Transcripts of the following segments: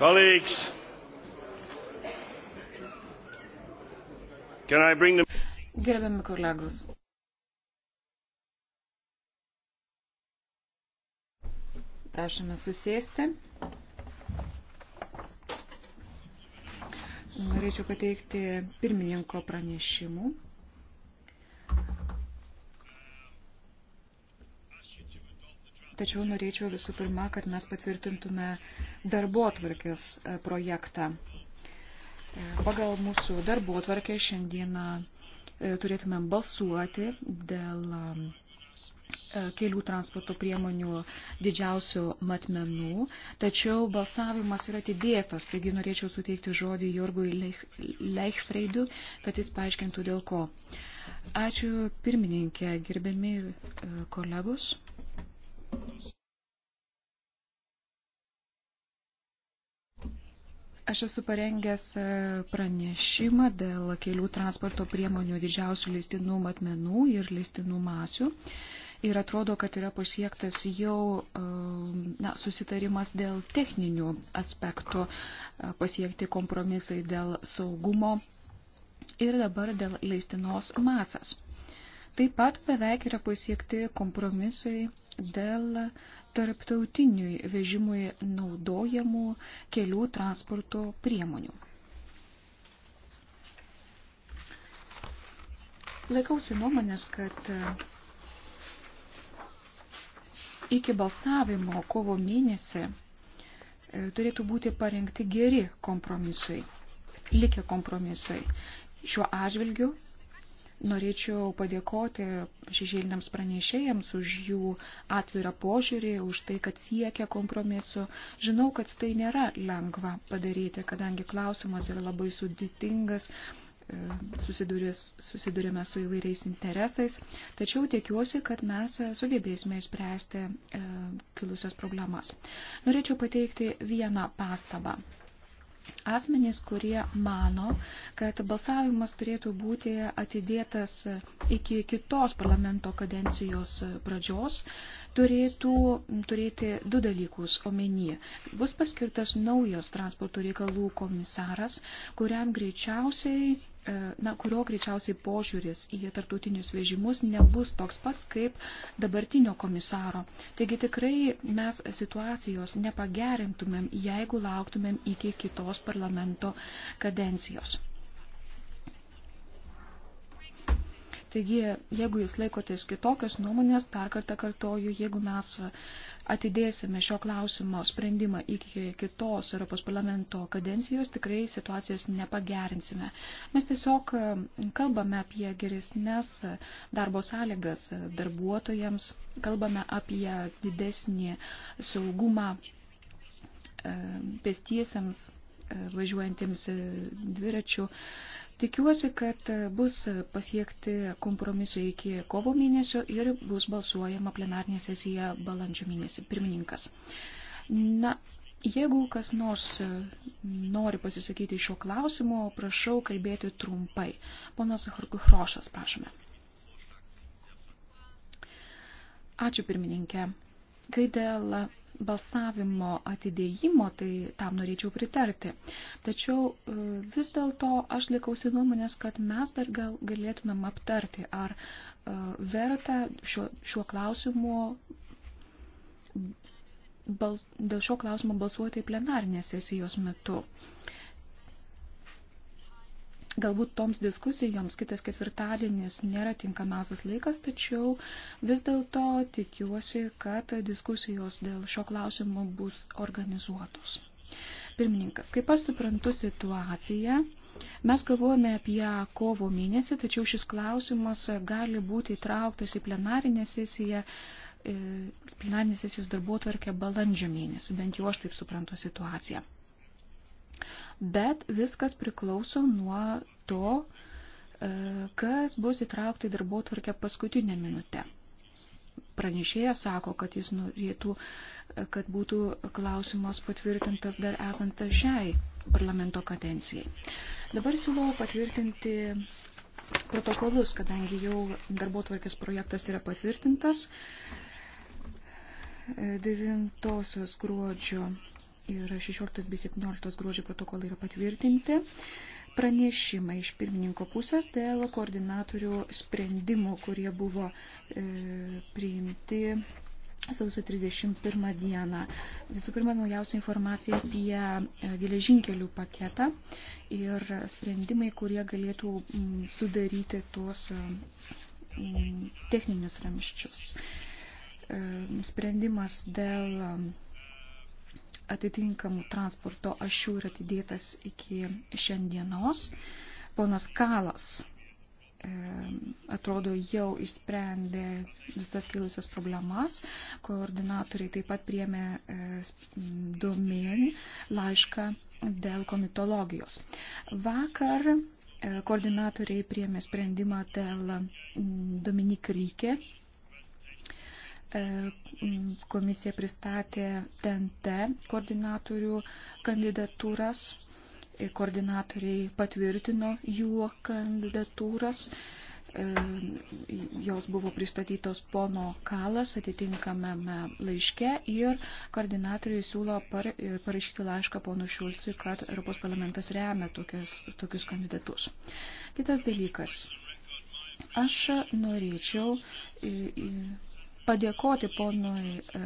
Colleagues, can I bring them? Gerbiami kolegos. Prašome susėsti. Norėčiau pateikti pirmininko pranešimų. tačiau norėčiau visų pirma, kad mes patvirtintume darbo atvarkės e, projektą. E, pagal mūsų darbo atvarkę šiandieną e, turėtumėm balsuoti dėl kelių transporto priemonių didžiausių matmenų, tačiau balsavimas yra atidėtas, taigi norėčiau suteikti žodį Jorgui Leichfreidui, kad jis paaiškintų dėl ko. Ačiū pirmininkė, gerbiami kolegos. Aš esu parengęs e, pranešimą dėl kelių transporto priemonių didžiausių leistinų matmenų ir leistinų masių. Ir atrodo, kad yra pasiektas jau e, na, susitarimas dėl techninių aspektų, e, pasiekti kompromisai dėl saugumo ir dabar dėl leistinos masas. Taip pat beveik yra pasiekti kompromisai dėl tarptautiniui vežimui naudojamų kelių transporto priemonių. Laikausi nuomonės, kad iki balsavimo kovo mėnesį e, turėtų būti parengti geri kompromisai, likę kompromisai. Šiuo atžvilgiu Norėčiau padėkoti šešėliniams pranešėjams už jų atvirą požiūrį, už tai, kad siekia kompromisu. Žinau, kad tai nėra lengva padaryti, kadangi klausimas yra labai sudėtingas, e, susidurėme su įvairiais interesais, tačiau tikiuosi, kad mes sugebėsime išspręsti e, kilusias problemas. Norėčiau pateikti vieną pastabą asmenys, kurie mano, kad balsavimas turėtų būti atidėtas iki kitos parlamento kadencijos pradžios, turėtų turėti du dalykus omeny. Bus paskirtas naujas transporto reikalų komisaras, kuriam greičiausiai E, na, kurio greičiausiai požiūris į tartutinius vežimus nebus toks pats kaip dabartinio komisaro. Taigi tikrai mes situacijos nepagerintumėm, jeigu lauktumėm iki kitos parlamento kadencijos. Taigi, jeigu jūs laikotės kitokios nuomonės, dar kartą kartoju, jeigu mes atidėsime šio klausimo sprendimą iki kitos Europos parlamento kadencijos, tikrai situacijos nepagerinsime. Mes tiesiog e, kalbame apie geresnės darbo sąlygas darbuotojams, kalbame apie didesnį saugumą e, pėstiesiams e, važiuojantiems dviračių Tikiuosi, kad bus pasiekti kompromisai iki kovo mėnesio ir bus balsuojama plenarnė sesija balandžio mėnesį. Pirmininkas. Na, jeigu kas nors nori pasisakyti šio klausimo, prašau kalbėti trumpai. Ponas Hrošas, prašome. Ačiū pirmininkė. Kai dėl balsavimo atidėjimo, tai tam norėčiau pritarti. Tačiau e, vis dėlto aš likausi nuomonės, kad mes dar gal galėtumėm aptarti, ar e, verta šiuo, šiuo klausimu bal, dėl šio klausimo balsuoti plenarinės sesijos metu. Uh, Galbūt toms diskusijoms kitas ketvirtadienis nėra tinkamiausias laikas, tačiau vis dėlto tikiuosi, kad diskusijos dėl šio klausimo bus organizuotos. Pirmininkas, kaip aš suprantu situaciją, Mes galvojame apie kovo mėnesį, tačiau šis klausimas gali būti įtrauktas į plenarinę sesiją, e, plenarinės sesijos darbuotvarkę balandžio mėnesį, bent jau aš taip suprantu situaciją bet viskas priklauso nuo to, e, kas bus įtraukta į darbo tvarkę paskutinę minutę. Pranešėjas sako, kad jis norėtų, e, kad būtų klausimas patvirtintas dar esant šiai parlamento kadencijai. Dabar siūlau patvirtinti protokolus, kadangi jau darbo tvarkės projektas yra patvirtintas. 9 e, gruodžio ir 16 bei 17 gruodžio protokolai yra patvirtinti. Pranešimai iš pirmininko pusės dėl koordinatorių sprendimų, kurie buvo e, priimti sausio 31 dieną. Visų pirma, naujausia informacija apie e, geležinkelių paketą ir sprendimai, kurie galėtų sudaryti tuos e, techninius ramščius. E, sprendimas dėl atitinkamų transporto ašių yra atidėtas iki šiandienos. Ponas Kalas e, atrodo jau išsprendė visas kilusias problemas. Koordinatoriai taip pat priemė e, domenį laišką dėl komitologijos. Vakar e, koordinatoriai priemė sprendimą dėl Dominik Rykė E, komisija pristatė TNT koordinatorių kandidatūras. E, koordinatoriai patvirtino jų kandidatūras e, jos buvo pristatytos pono Kalas atitinkamame laiške ir koordinatoriai siūlo par, parašyti laišką pono Šulciui, kad Europos parlamentas remia tokias, tokius kandidatus. Kitas dalykas. Aš norėčiau padėkoti ponui e,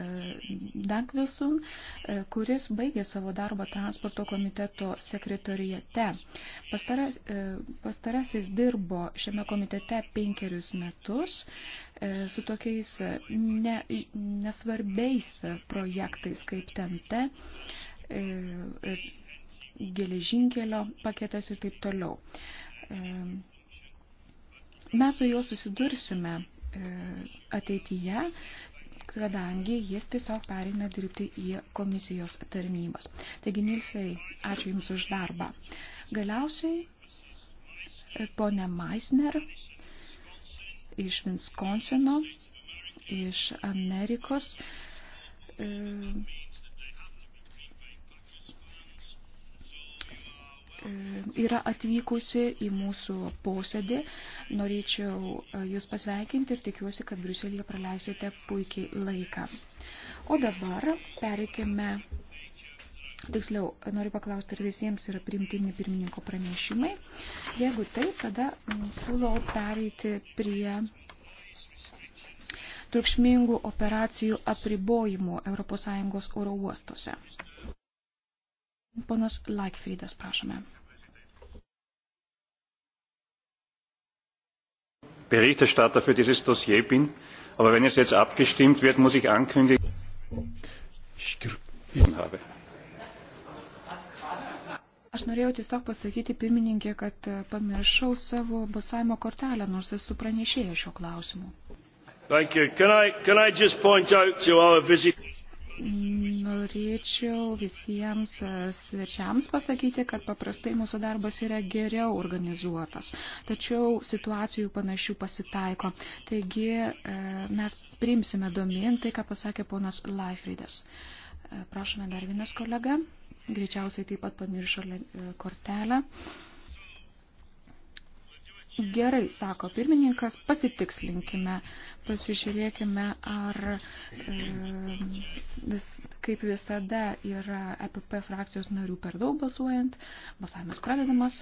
Dankvilsun, e, kuris baigė savo darbą transporto komiteto sekretorijate. Pastaras, e, pastarasis dirbo šiame komitete penkerius metus su tokiais ne, nesvarbiais projektais kaip TNT geležinkelio paketas ir taip toliau. Mes su juo susidursime E, ateityje, kadangi jis tiesiog pereina dirbti į komisijos tarnybas. Taigi, Nilsai, ačiū Jums už darbą. Galiausiai, e, ponė Meisner iš Viskonsino, iš Amerikos, e, yra atvykusi į mūsų posėdį. Norėčiau e, Jūs pasveikinti ir tikiuosi, kad Briuselėje praleisite puikiai laiką. O dabar pereikime. Tiksliau, noriu paklausti, ar visiems yra primtini pirmininko pranešimai. Jeigu taip, tada siūlau pereiti prie triukšmingų operacijų apribojimų ES oro uostuose. Ponas Laikfridas, prašome. Berichterstatter für dieses Dossier bin, aber wenn es jetzt abgestimmt wird, muss ich ankündigen, habe. Aš norėjau tiesiog pasakyti pirmininkė, kad e, pamiršau savo balsavimo kortelę, nors esu pranešėjęs šio klausimu. Can I, can I Norėčiau visiems e, svečiams pasakyti, kad paprastai mūsų darbas yra geriau organizuotas, tačiau situacijų panašių pasitaiko. Taigi e, mes priimsime domin tai, ką pasakė ponas Laifridas. E, prašome dar vienas kolega, greičiausiai taip pat pamiršo kortelę. Gerai, sako pirmininkas, pasitikslinkime, pasižiūrėkime, ar e, vis, kaip visada yra EPP frakcijos narių per daug balsuojant. Balsavimas pradedamas.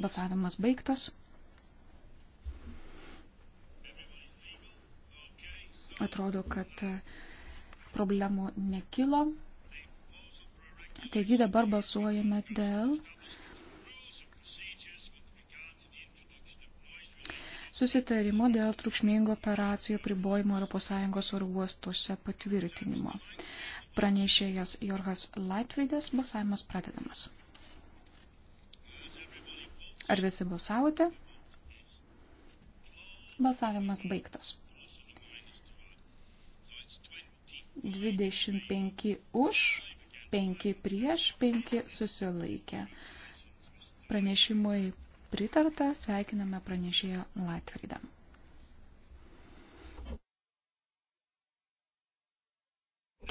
Balsavimas baigtas. Atrodo, kad e, problemų nekilo. Taigi dabar balsuojame dėl susitarimo dėl trukšmingo operacijų pribojimo ES oro uostuose patvirtinimo. Pranešėjas Jorgas Laitfridas, balsavimas pradedamas. Ar visi balsavote? Balsavimas baigtas. 25 už, 5 prieš, 5 susilaikė. Pranešimui pritarta, sveikiname pranešėją Latvydą.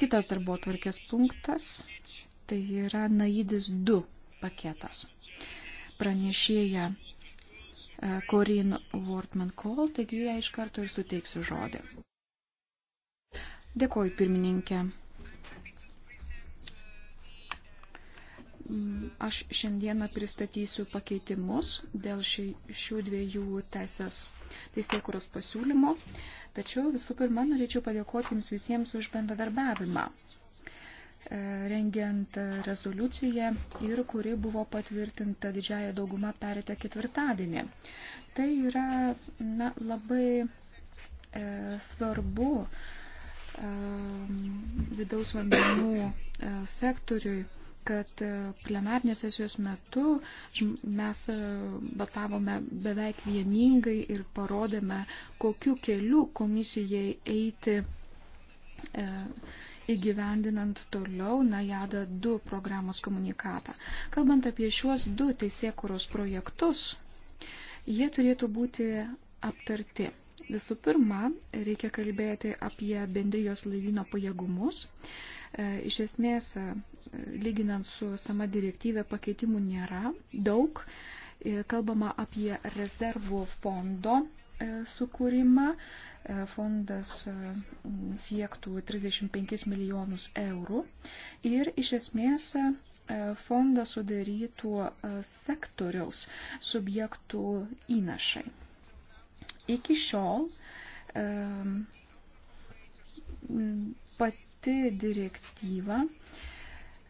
Kitas darbo tvarkės punktas, tai yra Naidis 2 paketas. Pranešėja e, Corin Wortman Call, taigi ją iš karto ir suteiksiu žodį. Dėkoju pirmininkė. Mm, aš šiandieną pristatysiu pakeitimus dėl ši, šių dviejų teisės teisėkuros pasiūlymo, tačiau visų pirma norėčiau padėkoti Jums visiems už bendradarbiavimą e, rengiant rezoliuciją ir kuri buvo patvirtinta didžiaja dauguma perėtę ketvirtadienį. Tai yra na, labai e, svarbu e, vidaus vandenų e, sektoriui kad e, plenarnės sesijos metu mes e, batavome beveik vieningai ir parodėme, kokiu keliu komisijai eiti e, įgyvendinant toliau Najada 2 programos komunikatą. Kalbant apie šiuos du teisėkuros projektus, jie turėtų būti aptarti. Visų pirma, reikia kalbėti apie bendrijos laivyno pajėgumus. E, E, iš esmės, e, lyginant su sama direktyvė, pakeitimų nėra daug. E, kalbama apie rezervų fondo sukūrimą. Fondas siektų 35 milijonus eurų. Ir iš esmės fondą sudarytų sektoriaus subjektų įnašai. Iki šiol pat pati direktyva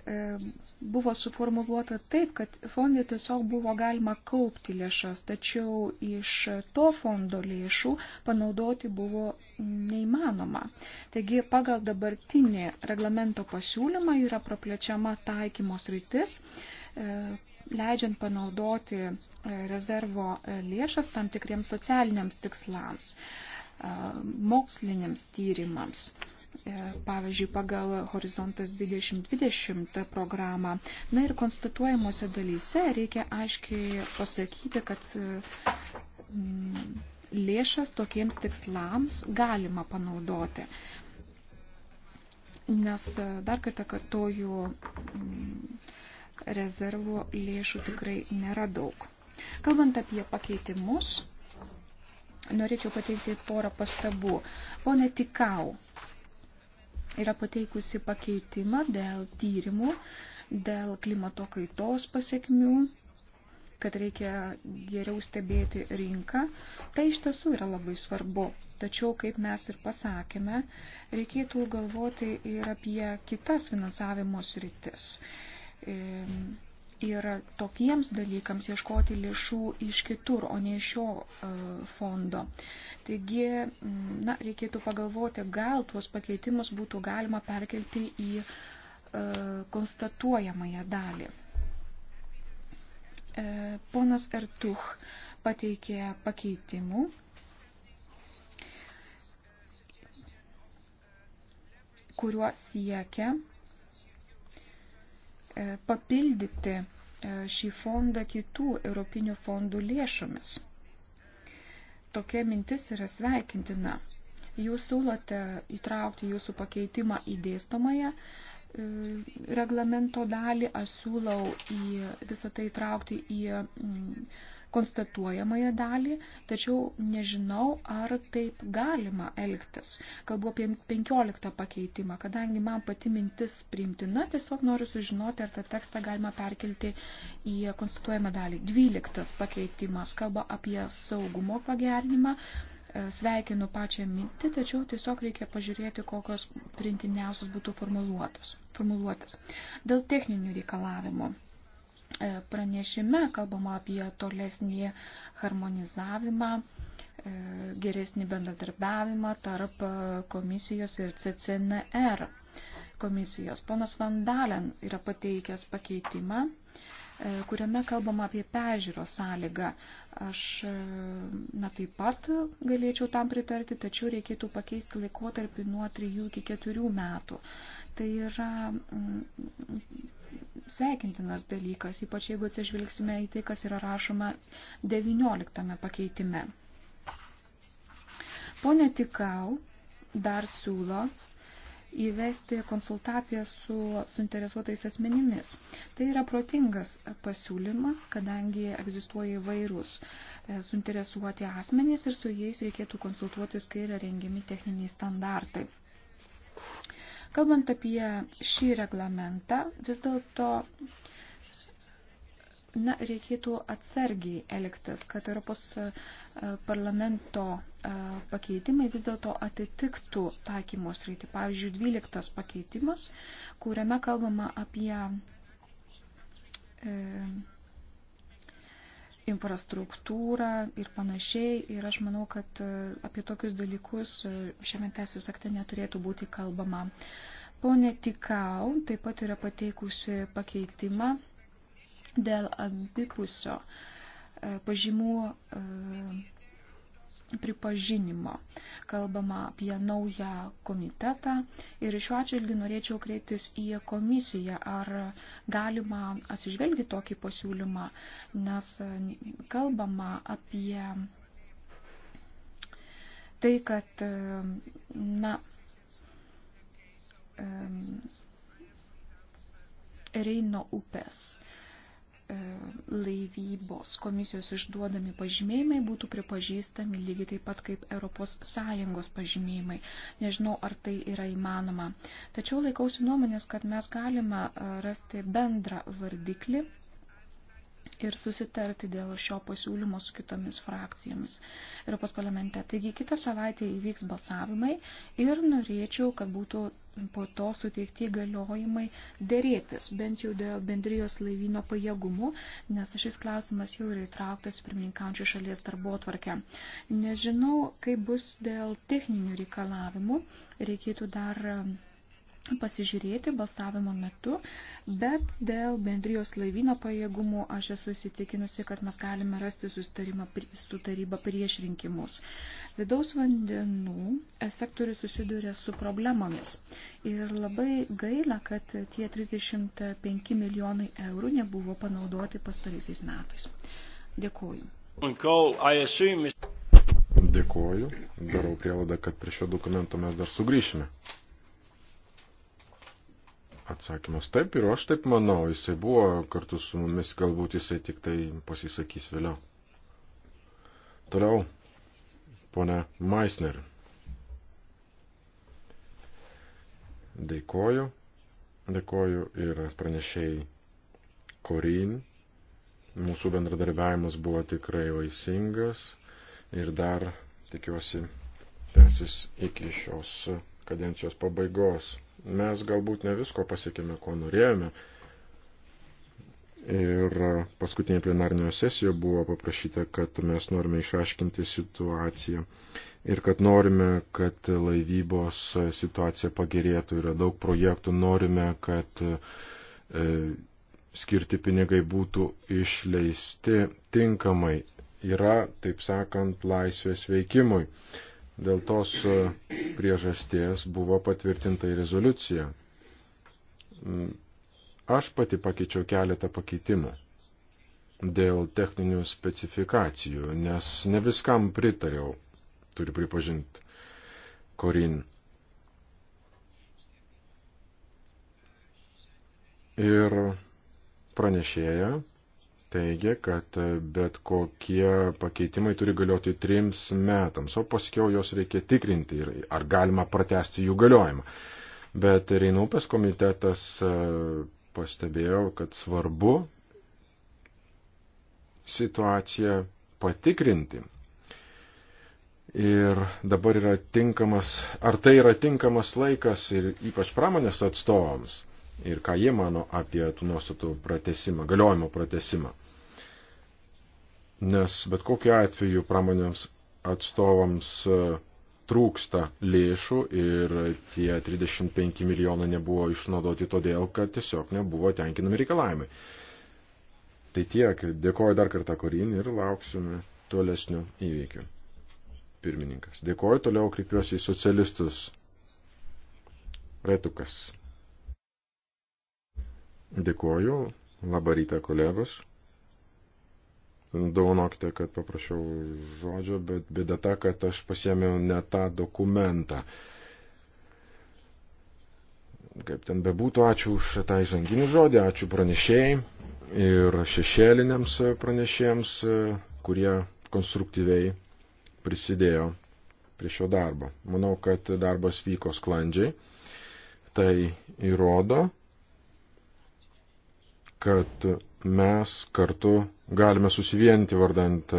e, buvo suformuluota taip, kad fondė tiesiog buvo galima kaupti lėšas, tačiau iš to fondo lėšų panaudoti buvo neįmanoma. Taigi pagal dabartinį reglamento pasiūlymą yra praplečiama taikymos rytis, e, leidžiant panaudoti e, rezervo lėšas tam tikriems socialiniams tikslams, moksliniams tyrimams. E, pavyzdžiui, pagal Horizontas 2020 programą. Na ir konstatuojamuose dalyse reikia aiškiai pasakyti, kad e, lėšas tokiems tikslams galima panaudoti. Nes e, dar kartą kartoju, rezervo lėšų tikrai nėra daug. Kalbant apie pakeitimus, norėčiau pateikti porą pastabų. Pone Tikau, yra pateikusi pakeitimą dėl tyrimų, dėl klimato kaitos pasiekmių kad reikia geriau stebėti rinką, tai iš tiesų yra labai svarbu. Tačiau, kaip mes ir pasakėme, reikėtų galvoti ir apie kitas finansavimo sritis. E, ir tokiems dalykams ieškoti lėšų iš kitur, o ne iš šio e, fondo. Taigi, na, reikėtų pagalvoti, gal tuos pakeitimus būtų galima perkelti į e, konstatuojamąją dalį. E, ponas Ertuch pateikė pakeitimų kuriuo siekia E, papildyti e, šį fondą kitų europinių fondų lėšomis. Tokia mintis yra sveikintina. Jūs siūlote įtraukti jūsų pakeitimą į dėstomąją e, reglamento dalį, aš siūlau į visą tai įtraukti į konstatuojamąją dalį, tačiau nežinau, ar taip galima elgtis. Kalbu apie 15 pakeitimą, kadangi man pati mintis priimtina, tiesiog noriu sužinoti, ar tą tekstą galima perkelti į konstatuojamą dalį. 12 pakeitimas kalba apie saugumo pagerinimą. E, sveikinu pačią mintį, tačiau tiesiog reikia pažiūrėti, kokios printimiausios būtų formuluotos. formuluotas. Dėl techninių reikalavimų E, pranešime kalbama apie tolesnį harmonizavimą, e, geresnį bendradarbiavimą tarp komisijos ir CCNR komisijos. Ponas Vandalen yra pateikęs pakeitimą, e, kuriame kalbama apie pežiūros sąlygą. Aš na, taip pat galėčiau tam pritarti, tačiau reikėtų pakeisti laikotarpį nuo 3 iki 4 metų. Tai yra mm, sveikintinas dalykas, ypač jeigu atsižvelgsime į tai, kas yra rašoma 19 pakeitime. Pone Tikau dar siūlo įvesti konsultaciją su suinteresuotais asmenimis. Tai yra protingas pasiūlymas, kadangi egzistuoja įvairūs e, suinteresuoti asmenys ir su jais reikėtų konsultuotis, kai yra rengiami techniniai standartai. Kalbant apie šį reglamentą, vis dėlto na, reikėtų atsargiai elgtis, kad Europos e, parlamento e, pakeitimai vis dėlto atitiktų taikymos reitį. Pavyzdžiui, 12 pakeitimas, kuriame kalbama apie e, infrastruktūrą ir panašiai. Ir aš manau, kad e, apie tokius dalykus e, šiame teisės akte neturėtų būti kalbama. Pone Tikau taip pat yra pateikusi pakeitimą dėl abipusio e, pažymų pripažinimo. Kalbama apie naują komitetą ir šiuo atžvilgiu norėčiau kreiptis į komisiją, ar galima atsižvelgi tokį pasiūlymą, nes kalbama apie tai, kad na, Reino upės E, laivybos komisijos išduodami pažymėjimai būtų pripažįstami lygiai taip pat kaip ES pažymėjimai. Nežinau, ar tai yra įmanoma. Tačiau laikausi nuomonės, kad mes galime e, rasti bendrą vardiklį ir susitarti dėl šio pasiūlymo su kitomis frakcijomis Europos parlamente. Taigi kitą savaitę įvyks balsavimai ir norėčiau, kad būtų po to suteikti galiojimai dėrėtis, bent jau dėl bendrijos laivyno pajėgumų, nes šis klausimas jau yra įtrauktas pirmininkaujančių šalies darbo tvarkę. Nežinau, kaip bus dėl techninių reikalavimų, reikėtų dar pasižiūrėti balsavimo metu, bet dėl bendrijos laivyno pajėgumų aš esu įsitikinusi, kad mes galime rasti sustarimą su taryba prieš rinkimus. Vidaus vandenų e, sektorius susiduria su problemomis ir labai gaila, kad tie 35 milijonai eurų nebuvo panaudoti pastaraisiais metais. Dėkuoju. Dėkuoju. Darau prielaidą, kad prie šio dokumento mes dar sugrįšime. Atsakymas taip ir aš taip manau, jisai buvo kartu su mumis, galbūt jisai tik tai pasisakys vėliau. Toliau, ponia Meisner. Dėkoju, dėkoju ir pranešėjai Korin. Mūsų bendradarbiavimas buvo tikrai vaisingas ir dar, tikiuosi, tęsis iki šios kadencijos pabaigos. Mes galbūt ne visko pasiekėme, ko norėjome. Ir paskutinėje plenarnio sesijoje buvo paprašyta, kad mes norime išaiškinti situaciją ir kad norime, kad laivybos situacija pagerėtų. Yra daug projektų, norime, kad e, skirti pinigai būtų išleisti tinkamai. Yra, taip sakant, laisvės veikimui. Dėl tos e, priežasties buvo patvirtinta ir rezoliucija. Mm, aš pati pakeičiau keletą pakeitimų dėl techninių specifikacijų, nes ne viskam pritariau, turi pripažinti Korin. Ir pranešėja teigia, kad bet kokie pakeitimai turi galioti trims metams, o paskiau jos reikia tikrinti ir ar galima pratesti jų galiojimą. Bet Reinupės komitetas e, pastebėjo, kad svarbu situaciją patikrinti. Ir dabar yra tinkamas, ar tai yra tinkamas laikas ir ypač pramonės atstovams ir ką jie mano apie tų nuostatų pratesimą, galiojimo pratesimą. Nes bet kokiu atveju pramonėms atstovams e, trūksta lėšų ir tie 35 milijonai nebuvo išnaudoti todėl, kad tiesiog nebuvo tenkinami reikalavimai. Tai tiek, dėkoju dar kartą Korin ir lauksime tolesnių įvykių. Pirmininkas. Dėkoju, toliau kreipiuosi į socialistus. Retukas. Dėkuoju. Labą rytą, kolegos. Daunokite, kad paprašiau žodžio, bet bėda ta, kad aš pasėmiau ne tą dokumentą. Kaip ten bebūtų, ačiū už tą įžanginį žodį, ačiū pranešėjai ir šešėliniams pranešėjams, kurie konstruktyviai prisidėjo prie šio darbo. Manau, kad darbas vyko sklandžiai. Tai įrodo, kad mes kartu galime susivienyti vardant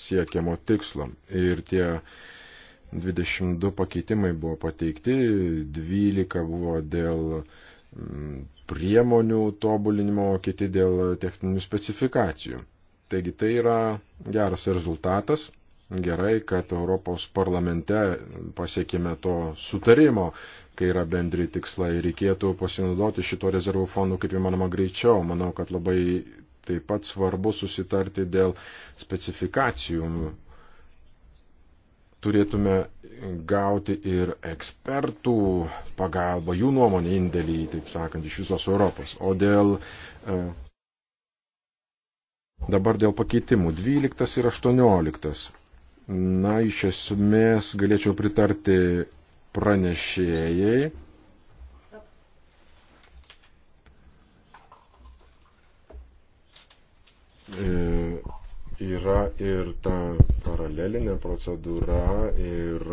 siekiamo tikslo. Ir tie 22 pakeitimai buvo pateikti, 12 buvo dėl mm, priemonių tobulinimo, kiti dėl techninių specifikacijų. Taigi tai yra geras rezultatas. Gerai, kad Europos parlamente pasiekime to sutarimo, kai yra bendri tikslai. Reikėtų pasinaudoti šito rezervų fondų kaip įmanoma greičiau. Manau, kad labai taip pat svarbu susitarti dėl specifikacijų. Turėtume gauti ir ekspertų pagalbą, jų nuomonį indėlį, taip sakant, iš visos Europos. O dėl e, Dabar dėl pakeitimų. 12 ir 18. Na, iš esmės galėčiau pritarti pranešėjai. E, yra ir ta paralelinė procedūra ir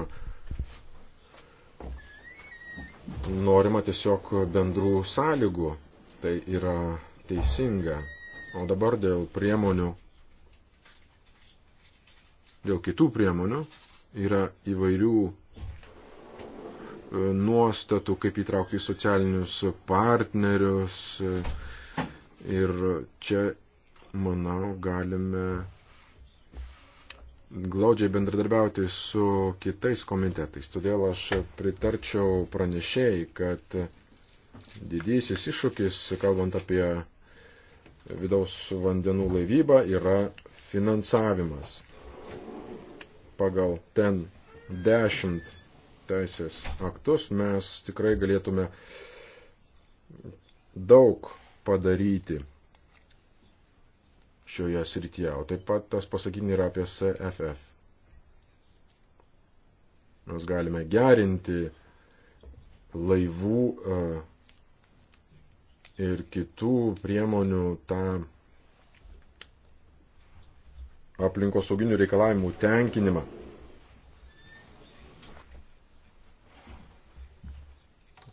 norima tiesiog bendrų sąlygų. Tai yra teisinga. O dabar dėl priemonių dėl kitų priemonių yra įvairių e, nuostatų, kaip įtraukti socialinius partnerius. E, ir čia, manau, galime glaudžiai bendradarbiauti su kitais komitetais. Todėl aš pritarčiau pranešėjai, kad didysis iššūkis, kalbant apie vidaus vandenų laivybą, yra finansavimas pagal ten 10 teisės aktus mes tikrai galėtume daug padaryti šioje srityje. O taip pat tas pasakinį yra apie CFF. Mes galime gerinti laivų e, ir kitų priemonių tą aplinkos sauginių reikalavimų tenkinimą.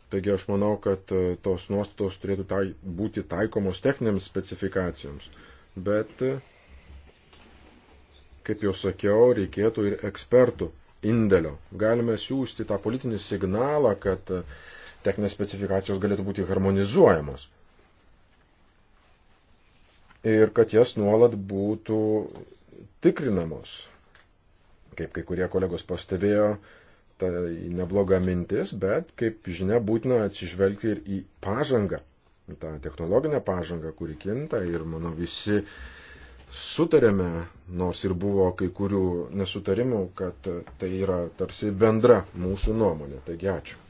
Taigi aš manau, kad e, tos nuostatos turėtų tai, būti taikomos techniniams specifikacijoms. Bet, e, kaip jau sakiau, reikėtų ir ekspertų indėlio. Galime siūsti tą politinį signalą, kad e, techninės specifikacijos galėtų būti harmonizuojamos. Ir kad jas nuolat būtų tikrinamos. Kaip kai kurie kolegos pastebėjo, tai nebloga mintis, bet, kaip žinia, būtina atsižvelgti ir į pažangą, tą technologinę pažangą, kuri kinta ir, manau, visi sutarėme, nors ir buvo kai kurių nesutarimų, kad tai yra tarsi bendra mūsų nuomonė. Taigi ačiū.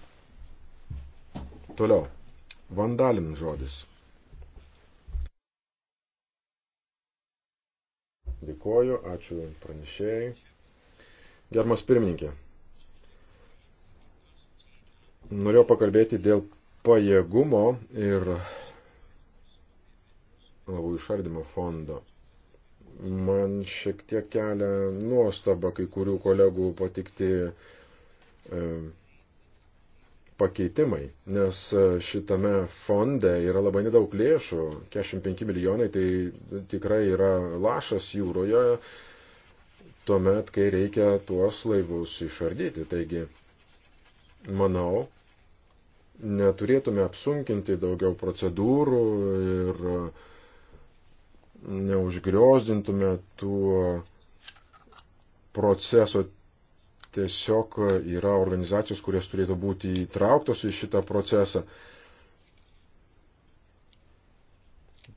Toliau. Vandalin žodis. Dėkoju, ačiū pranešėjai. Germas pirmininkė, norėjau pakalbėti dėl pajėgumo ir lavų išardimo fondo. Man šiek tiek kelia nuostaba kai kurių kolegų patikti e, pakeitimai, nes e, šitame fonde yra labai nedaug lėšų, 45 milijonai tai tikrai yra lašas jūroje, tuomet, kai reikia tuos laivus išardyti. Taigi, manau, neturėtume apsunkinti daugiau procedūrų ir neužgriozdintume tuo proceso tiesiog yra organizacijos, kurios turėtų būti įtrauktos į šitą procesą.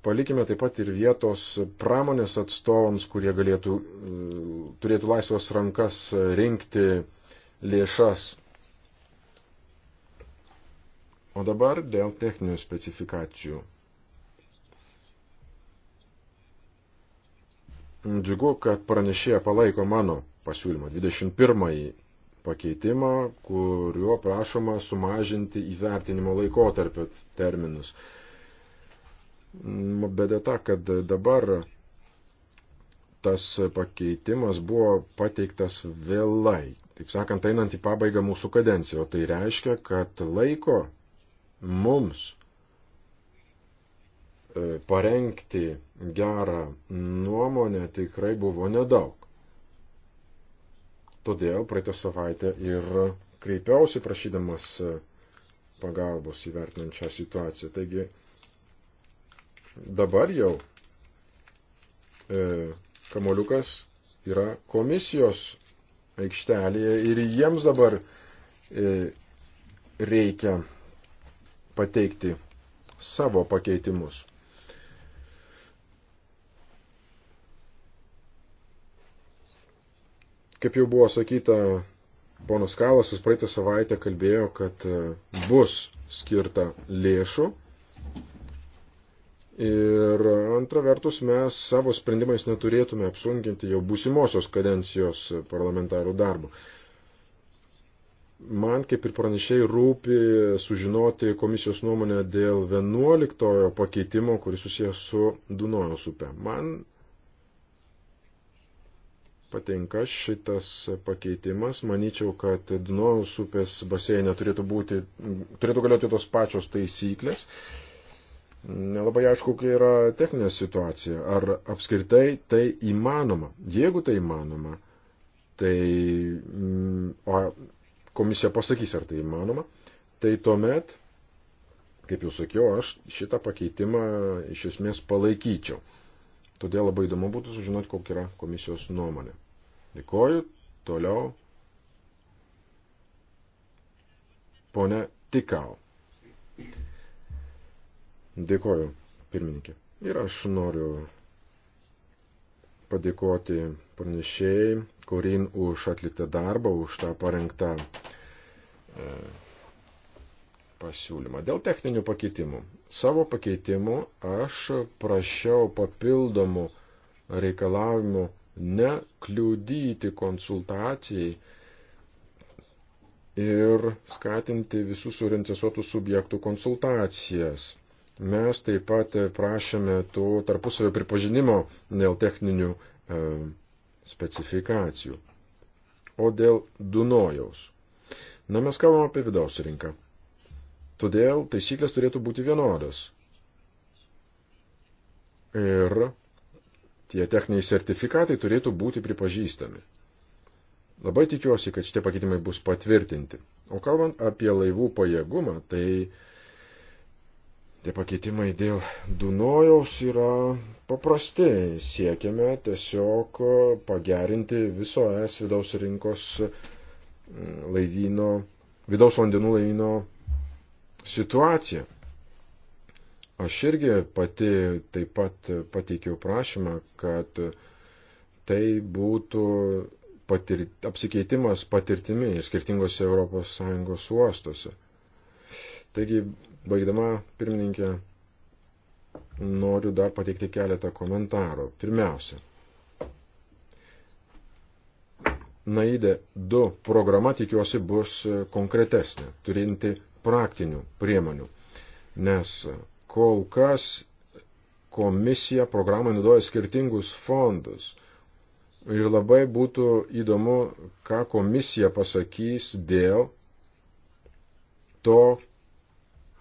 Palikime taip pat ir vietos pramonės atstovams, kurie galėtų, mm, turėtų laisvas rankas rinkti lėšas. O dabar dėl techninių specifikacijų. Džiugu, kad pranešėja palaiko mano pasiūlymą, 21 pakeitimą, kuriuo prašoma sumažinti įvertinimo laikotarpio terminus. Nu, bet ta, kad dabar tas pakeitimas buvo pateiktas vėlai, taip sakant, einant į pabaigą mūsų kadenciją, o tai reiškia, kad laiko mums e, parengti gerą nuomonę tikrai buvo nedaug. Todėl praeitą savaitę ir kreipiausi prašydamas pagalbos įvertinant šią situaciją. Taigi dabar jau e, kamoliukas yra komisijos aikštelėje ir jiems dabar e, reikia pateikti savo pakeitimus. Kaip jau buvo sakyta, ponas Kalasas praeitą savaitę kalbėjo, kad e, bus skirta lėšų. Ir antra vertus, mes savo sprendimais neturėtume apsunkinti jau būsimosios kadencijos parlamentarų darbo. Man kaip ir pranešiai rūpi sužinoti komisijos nuomonę dėl 11 pakeitimo, kuris susijęs su Dunojaus upe. Man patinka šitas pakeitimas. Manyčiau, kad Dunojaus upės baseine turėtų, būti, turėtų galioti tos pačios taisyklės. Nelabai aišku, kai yra techninė situacija. Ar apskritai tai įmanoma? Jeigu tai įmanoma, tai mm, o komisija pasakys, ar tai įmanoma, tai tuomet, kaip jau sakiau, aš šitą pakeitimą iš esmės palaikyčiau. Todėl labai įdomu būtų sužinoti, kokia yra komisijos nuomonė. Dėkoju. Toliau. Pone Tikau. Dėkoju, pirmininkė. Ir aš noriu padėkoti pranešėjai Korin už atliktą darbą, už tą parengtą e, pasiūlymą. Dėl techninių pakeitimų. Savo pakeitimu aš prašiau papildomų reikalavimų nekliudyti konsultacijai ir skatinti visus orientuotų subjektų konsultacijas. Mes taip pat prašėme tų tarpusavio pripažinimo dėl techninių e, specifikacijų. O dėl Dunojaus. Na, mes kalbam apie vidaus rinką. Todėl taisyklės turėtų būti vienodos. Ir tie techniniai sertifikatai turėtų būti pripažįstami. Labai tikiuosi, kad šitie pakeitimai bus patvirtinti. O kalbant apie laivų pajėgumą, tai tie pakeitimai dėl Dunojaus yra paprasti. Siekiame tiesiog pagerinti viso es vidaus rinkos mm, laivyno, vidaus vandenų laivyno situaciją. Aš irgi pati taip pat pateikiau prašymą, kad tai būtų patir, apsikeitimas patirtimi skirtingose ES uostuose. Taigi, baigdama pirmininkė, noriu dar pateikti keletą komentarų. Pirmiausia, Naidė 2 programa tikiuosi bus konkretesnė, turinti praktinių priemonių, nes kol kas komisija programai naudoja skirtingus fondus. Ir labai būtų įdomu, ką komisija pasakys dėl to,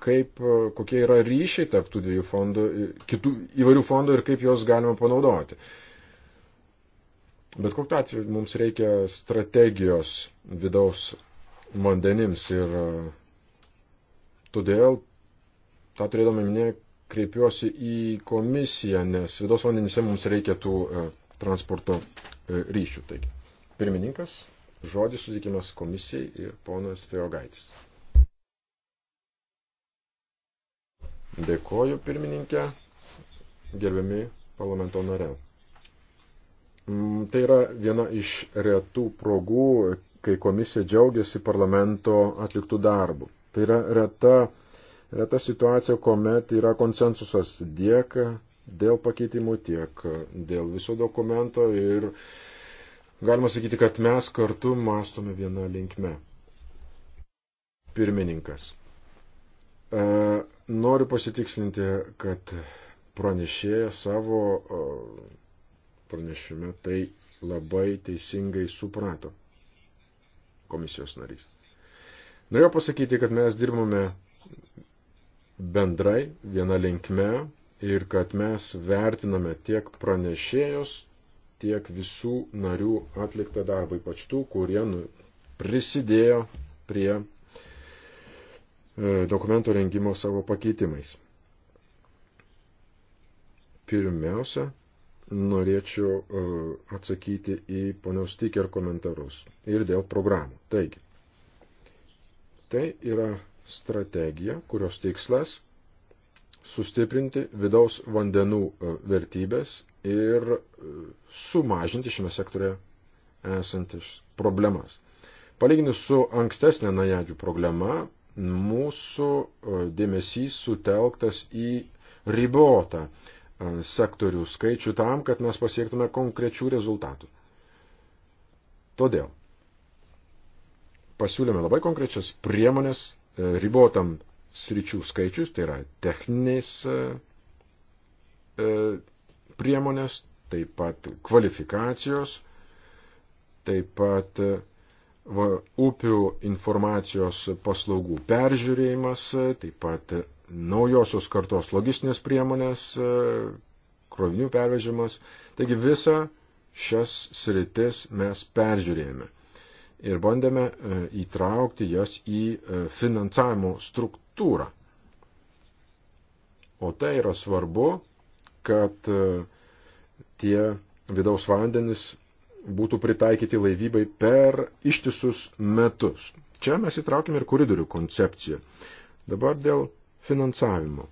kaip, kokie yra ryšiai tarp tų dviejų fondų, kitų, įvairių fondų ir kaip juos galima panaudoti. Bet kokiu atveju mums reikia strategijos vidaus vandenims ir Todėl, tą turėdami minėję, kreipiuosi į komisiją, nes vidaus vandenyse mums reikia tų e, transporto e, ryšių. Taigi, pirmininkas, žodis sutikimas komisijai ir ponas Feogaitis. Dėkoju pirmininkė, gerbiami parlamento nare. Mm, tai yra viena iš retų progų, kai komisija džiaugiasi parlamento atliktų darbų. Tai yra reta, reta situacija, kuomet yra konsensusas tiek dėl pakeitimų, tiek dėl viso dokumento ir galima sakyti, kad mes kartu mastome vieną linkme. Pirmininkas. E, noriu pasitikslinti, kad pranešėja savo e, pranešime tai labai teisingai suprato komisijos narys. Norėjau pasakyti, kad mes dirbame bendrai viena linkme ir kad mes vertiname tiek pranešėjus, tiek visų narių atliktą darbą, ypač tų, kurie nu, prisidėjo prie e, dokumento rengimo savo pakeitimais. Pirmiausia, norėčiau e, atsakyti į ponios Tiker komentarus ir dėl programų. Taigi, Tai yra strategija, kurios tikslas sustiprinti vidaus vandenų e, vertybės ir e, sumažinti šiame sektorė esantis problemas. Palyginus su ankstesnė najadžių problema, mūsų e, dėmesys sutelktas į ribotą sektorių skaičių tam, kad mes pasiektume konkrečių rezultatų. Todėl pasiūlėme labai konkrečias priemonės e, ribotam sričių skaičius, tai yra techninės e, e, priemonės, taip pat kvalifikacijos, taip pat va, upių informacijos paslaugų peržiūrėjimas, taip pat naujosios kartos logistinės priemonės, krovinių pervežimas. Taigi visą šias sritis mes peržiūrėjome ir bandėme e, įtraukti jas į e, finansavimo struktūrą. O tai yra svarbu, kad e, tie vidaus vandenis būtų pritaikyti laivybai per ištisus metus. Čia mes įtraukime ir koridorių koncepciją. Dabar dėl finansavimo.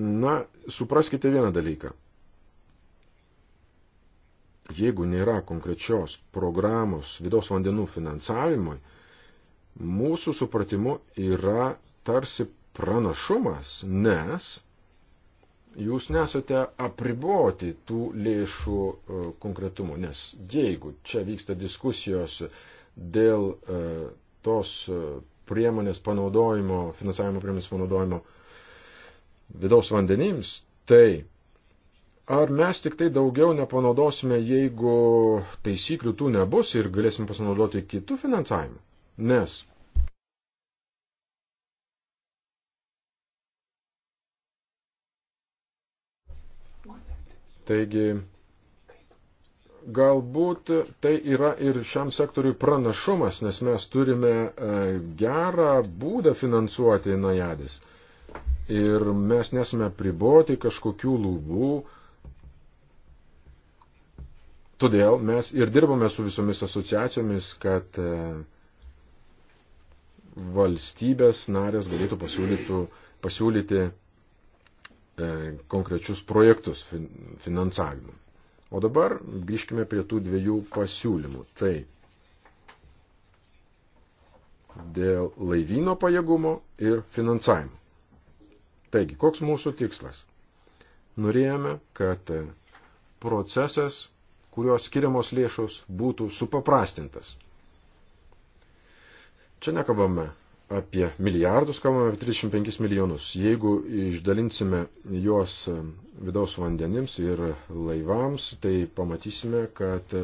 Na, supraskite vieną dalyką jeigu nėra konkrečios programos vidaus vandenų finansavimui, mūsų supratimu yra tarsi pranašumas, nes jūs nesate apriboti tų lėšų e, konkretumu, nes jeigu čia vyksta diskusijos dėl e, tos e, priemonės panaudojimo, finansavimo priemonės panaudojimo vidaus vandenims, tai Ar mes tik tai daugiau nepanaudosime, jeigu taisyklių tų nebus ir galėsim pasinaudoti kitų finansavimų? Nes Taigi, galbūt tai yra ir šiam sektoriui pranašumas, nes mes turime e, gerą būdą finansuoti najadis. Ir mes nesame priboti kažkokių lubų, Todėl mes ir dirbame su visomis asociacijomis, kad e, valstybės narės galėtų pasiūlytų, pasiūlyti e, konkrečius projektus fin, finansavimui. O dabar grįžkime prie tų dviejų pasiūlymų. Tai dėl laivyno pajėgumo ir finansavimo. Taigi, koks mūsų tikslas? Norėjome, kad e, procesas kurios skiriamos lėšos būtų supaprastintas. Čia nekalbame apie milijardus, kalbame apie 35 milijonus. Jeigu išdalinsime juos e, vidaus vandenims ir laivams, tai pamatysime, kad e,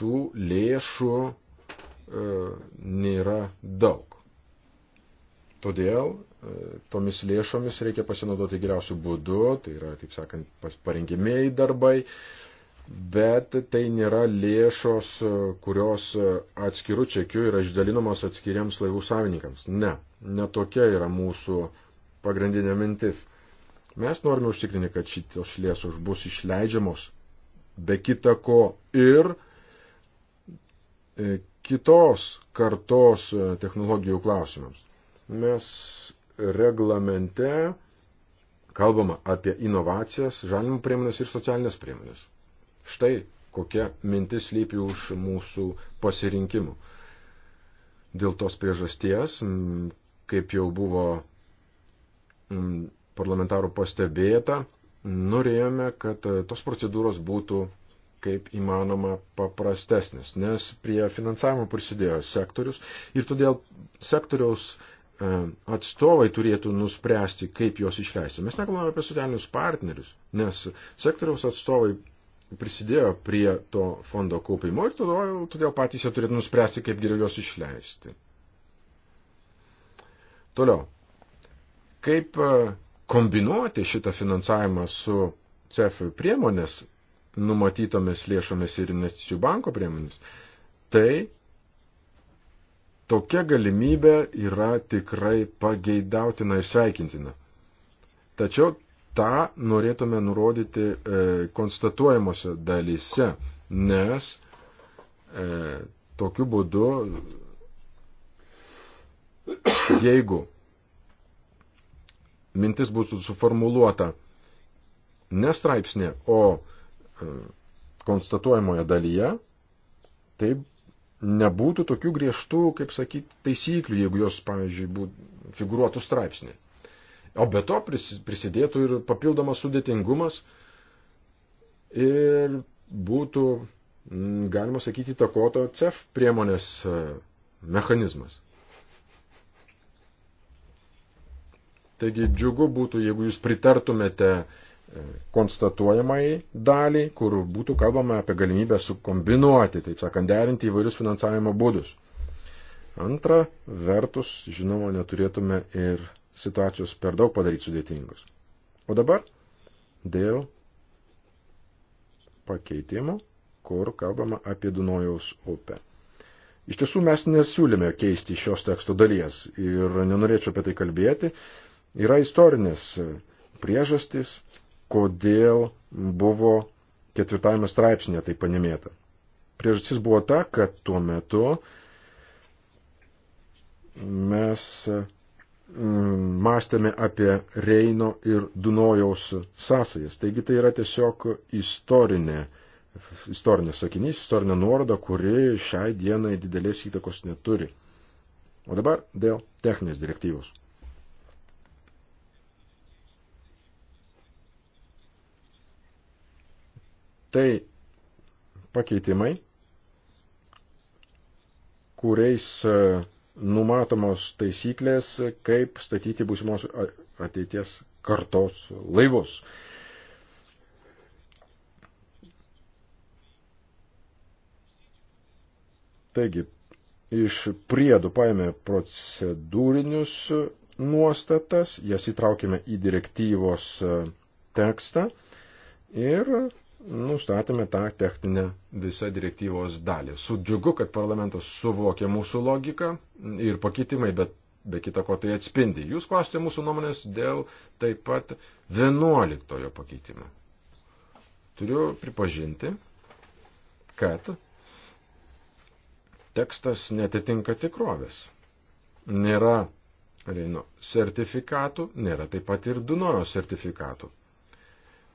tų lėšų e, nėra daug. Todėl e, tomis lėšomis reikia pasinaudoti geriausių būdų, tai yra, taip sakant, parengimieji darbai, e, bet tai nėra lėšos, kurios atskirų čekių yra išdalinamos atskiriams laivų savininkams. Ne, netokia yra mūsų pagrindinė mintis. Mes norime užtikrinti, kad šitos lėšos bus išleidžiamos be kita ko ir e, kitos kartos e, technologijų klausimams. Mes reglamente kalbama apie inovacijas, žalimų priemonės ir socialinės priemonės. Štai kokia mintis lypi už mūsų pasirinkimų. Dėl tos priežasties, kaip jau buvo parlamentarų pastebėta, norėjome, kad e, tos procedūros būtų kaip įmanoma paprastesnis, nes prie finansavimo prisidėjo sektorius ir todėl sektoriaus e, atstovai turėtų nuspręsti, kaip juos išleisti. Mes nekalbame apie socialinius partnerius, nes sektoriaus atstovai prisidėjo prie to fondo kaupimo ir todėl, todėl patys jie turėtų nuspręsti, kaip geriau juos išleisti. Toliau. Kaip e, kombinuoti šitą finansavimą su CEF priemonės numatytomis lėšomis ir investicijų banko priemonės, tai tokia galimybė yra tikrai pageidautina ir sveikintina. Tačiau tą norėtume nurodyti e, konstatuojamose dalyse, nes e, tokiu būdu, jeigu mintis būtų suformuluota ne straipsnė, o e, konstatuojamoje dalyje, tai nebūtų tokių griežtų, kaip sakyti, taisyklių, jeigu jos, pavyzdžiui, būtų figuruotų straipsnė. O be to prisidėtų ir papildomas sudėtingumas ir būtų, galima sakyti, takoto CEF priemonės e, mechanizmas. Taigi džiugu būtų, jeigu jūs pritartumėte e, konstatuojamai daliai, kur būtų kalbama apie galimybę sukombinuoti, taip sakant, derinti įvairius finansavimo būdus. Antra, vertus, žinoma, neturėtume ir situacijos per daug padaryti sudėtingos. O dabar dėl pakeitimų, kur kalbama apie Dunojaus upę. Iš tiesų mes nesiūlėme keisti šios teksto dalies ir nenorėčiau apie tai kalbėti. Yra istorinės priežastys, kodėl buvo ketvirtajame straipsnėje tai panemėta. Priežastis buvo ta, kad tuo metu mes mąstėme apie Reino ir Dunojaus sąsajas. Taigi tai yra tiesiog istorinė, istorinė sakinys, istorinė nuoroda, kuri šiai dienai didelės įtakos neturi. O dabar dėl techninės direktyvos. Tai pakeitimai, kuriais e, numatomos taisyklės, kaip statyti būsimos ateities kartos laivus. Taigi, iš priedų paėmė procedūrinius nuostatas, jas įtraukėme į direktyvos tekstą ir nustatėme tą techninę visą direktyvos dalį. Su džiugu, kad parlamentas suvokė mūsų logiką ir pakitimai, bet be kita ko tai atspindi. Jūs klausite mūsų nuomonės dėl taip pat 11 pakeitimo. Turiu pripažinti, kad tekstas netitinka tikrovės. Nėra Reino sertifikatų, nėra taip pat ir Dunojo sertifikatų.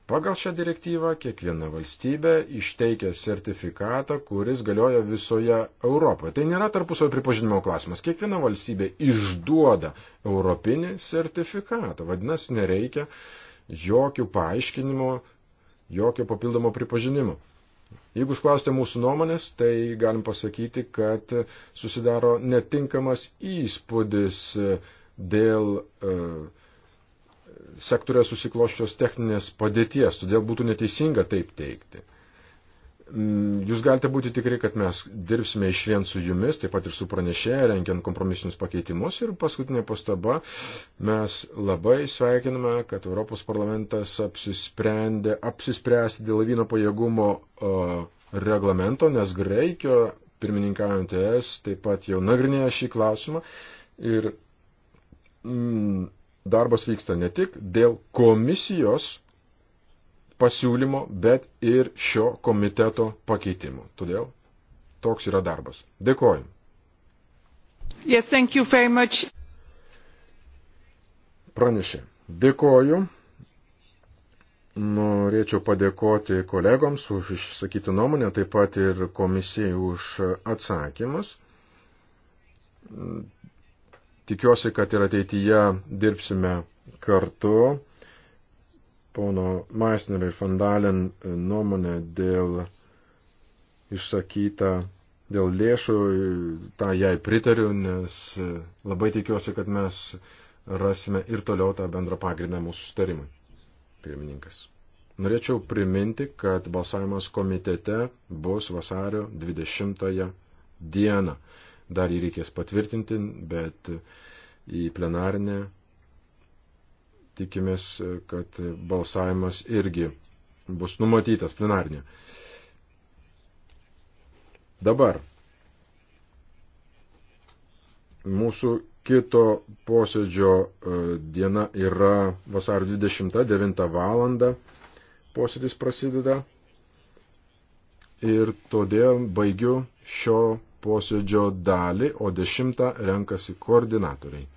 Pagal šią direktyvą kiekviena valstybė išteikia sertifikatą, kuris galioja visoje Europoje. Tai nėra tarpusavio pripažinimo klausimas. Kiekviena valstybė išduoda europinį sertifikatą. Vadinasi, nereikia jokių paaiškinimų, jokio papildomo pripažinimo. Jeigu klausite mūsų nuomonės, tai galim pasakyti, kad susidaro netinkamas įspūdis dėl uh, sektorio susikloščios techninės padėties, todėl būtų neteisinga taip teikti. Mm, jūs galite būti tikri, kad mes dirbsime iš vien su jumis, taip pat ir su pranešėja, renkiant kompromisinius pakeitimus. Ir paskutinė pastaba, mes labai sveikiname, kad Europos parlamentas apsisprendė apsispręsti dėl vyno pajėgumo reglamento, nes Graikio pirmininkaujant ES taip pat jau nagrinėja šį klausimą. Ir mm, darbas vyksta ne tik dėl komisijos pasiūlymo, bet ir šio komiteto pakeitimo. Todėl toks yra darbas. Dėkoju. Yes, thank you very much. Pranešė. Dėkoju. Norėčiau padėkoti kolegoms už išsakyti nuomonę, taip pat ir komisijai už atsakymus. Tikiuosi, kad ir ateityje dirbsime kartu. Pono Maisner ir Fandalen nuomonė dėl išsakyta dėl lėšų, tą jai pritariu, nes labai tikiuosi, kad mes rasime ir toliau tą bendrą pagrindą mūsų sustarimui. Pirmininkas. Norėčiau priminti, kad balsavimas komitete bus vasario 20 dieną. Dar jį reikės patvirtinti, bet į plenarinę tikimės, kad balsavimas irgi bus numatytas plenarinė. Dabar mūsų kito posėdžio e, diena yra vasario 29 valandą. Posėdis prasideda ir todėl baigiu šio posėdžio dalį, o 10 renkasi koordinatoriai.